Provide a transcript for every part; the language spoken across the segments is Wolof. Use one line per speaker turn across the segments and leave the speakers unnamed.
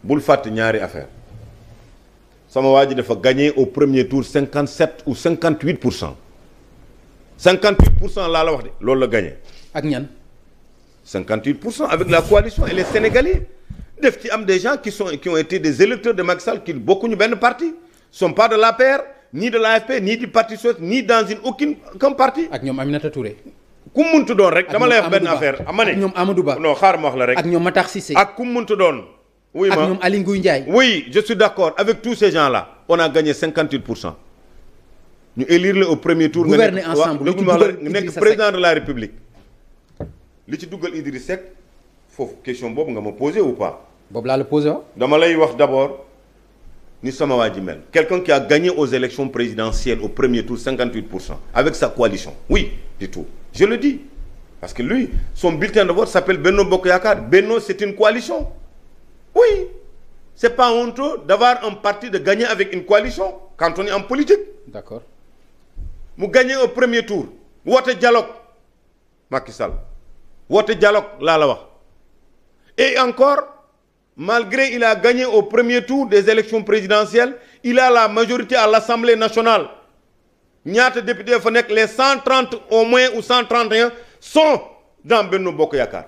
bul fàtte ñaari affaire sama waa ji dafa gagné au premier tour cinquante sept ou cinquante huit pour cent cinquante huit pour cent laa la wax de loolu la gagné. ak ñan. cinquante huit pour cent avec la coalition et les sénégalais def ci am des gens qui sont qui ont été des électeurs de Macky Sall qui bokkuñu benn parti sont pas de l'APR ni de l'AFP ni du parti socialiste ni dans une aucune comme parti. ak ñoom Aminata Touré. ku muntu doon rek. dama lay wax benn affaire ama ne. ñoom Amadou Ba non xaar ma wax la rek. ak ñoom Matar Cissé. ak ku muntu doon. oui ma ak ñoom Aly Ngouille Ndiaye. oui je suis d' accord avec tous ces gens là on a gagné cinquante huit pour cent ñu élire la au premier tour. nga nekk waaw nekk président de la république. li ci duggal Idriss Seck foofu question boobu nga ma posé ou pas. boob laa la posé waaw. Ah. dama lay wax d' abord ni sama waa ji mel. quelqu'un qui a gagné aux élections présidentielles au premier tour pour cent avec sa coalition oui du tout je le dis parce que lui son bulletin de vote s'appelle Benno Bokk Yaakaar Benno c' est une Oui. C'est pas honteux d'avoir un parti de gagner avec une coalition quand on est en politique. D'accord. mu gagné au premier tour woote dialogue Macky Sall woote dialogue laa la wax et encore malgré il a gagné au premier tour des élections présidentielles il a la majorité à l'Assemblée nationale ñaata député fa nekk les cent trente au moins ou cent trente et un sont dans Benno Bokk Yaakaar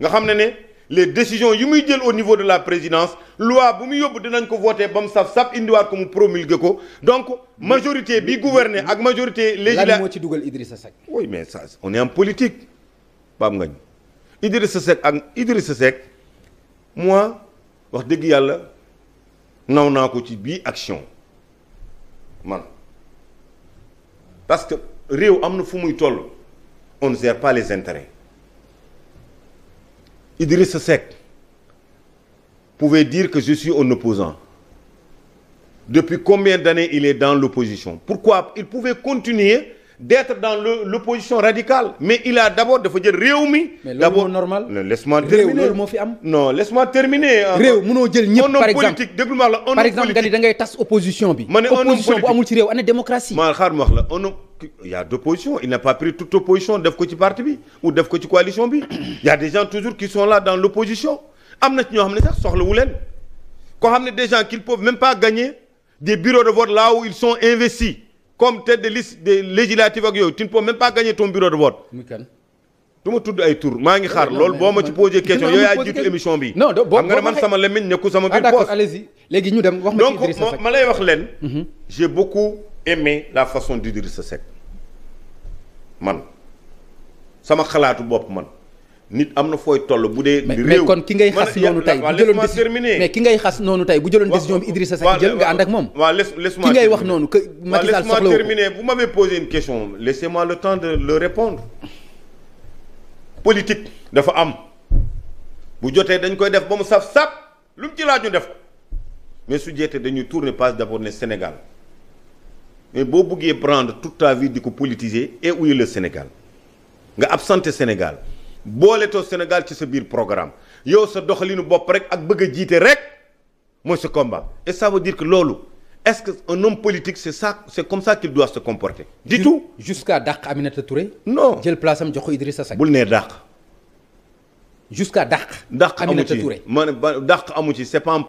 nga xam ne ne les décisions yi muy jël au niveau de la présidence loi bu mu yóbbu dinañ ko voté ba mu saf saf indiwaat ko mu promulgué ko donc majorité bi gouverner ak majorité législative lan moo ci dugal Idrissa Seck oui mais ça on est en politique Pape Ngagne Idrissa Seck ak Idrissa Seck moi wax dëgg yàlla naw naa ko ci bii action man parce que réew am na fu muy toll on ne gère pas les intérêts Idriss Seck pouvait dire que je suis un opposant. Depuis combien d'années il est dans l'opposition Pourquoi Il pouvait continuer d'être dans l'opposition radicale. Mais il a d'abord de faire Réumi. Mais d'abord normal. Laisse-moi terminer. Euh, non, laisse-moi par exemple. Par exemple, opposition bi. Opposition bu amul ci réew, ana démocratie. Ma xaar la, il y a d'opposition il n'a pas pris toute opposition def ko ci parti bi ou def ko ci coalition bi il y a des gens toujours qui sont là dans l'opposition am na ci ñoo xam ne sax soxlawu leen koo xam ne des gens qui ne peuvent pas gagner des bureaux de vote là où ils sont investis comme tête de liste des législatives ak yooyu tu ne peux pas gagner ton bureau de vote du ma tudd ay tur maa ngi xaar euh, loolu boo ma ci posé question yooyu yaa jiitu émission bi non xam nga ne ah, ma aimé la façon d'Idrissa Seck man sama xalaatu bopp man nit am na fooy toll bu dee. réew mais kon ki ngay xas noonu tey bu jëloon mais ki ngay xas noonu tey bu jëloon décision bi Idrissa Seck jël nga ànd ak moom. waaw laisse ki ngay wax noonu que Macky Sall soxla terminer vous m'avez posé une question laissez-moi le temps de le répondre politique dafa am bu jotee dañ koy def ba mu saf sap lu mu ci ñu def ko mais su jeetee dañuy tourner page d'abord ne Sénégal. mais boo buggee prendre toute ta vie di ko politiser et ouiller le Sénégal nga absenté Sénégal booletoo Sénégal ci sa biir programme yow sa doxalinu bopp rek ak bëgg a jiite rek mooy sa combat et sa veut dire que loolu est-ce que un homme politique c'est ça c'est comme ça qu'il doit se comporter. du tout jusqu'à dàq Aminata Touré. non jël place am jox ko Idrissa Seck. bul nee dàq. jusqu'à dàq. dàq amu ci ma ne dàq amu ci c'est pas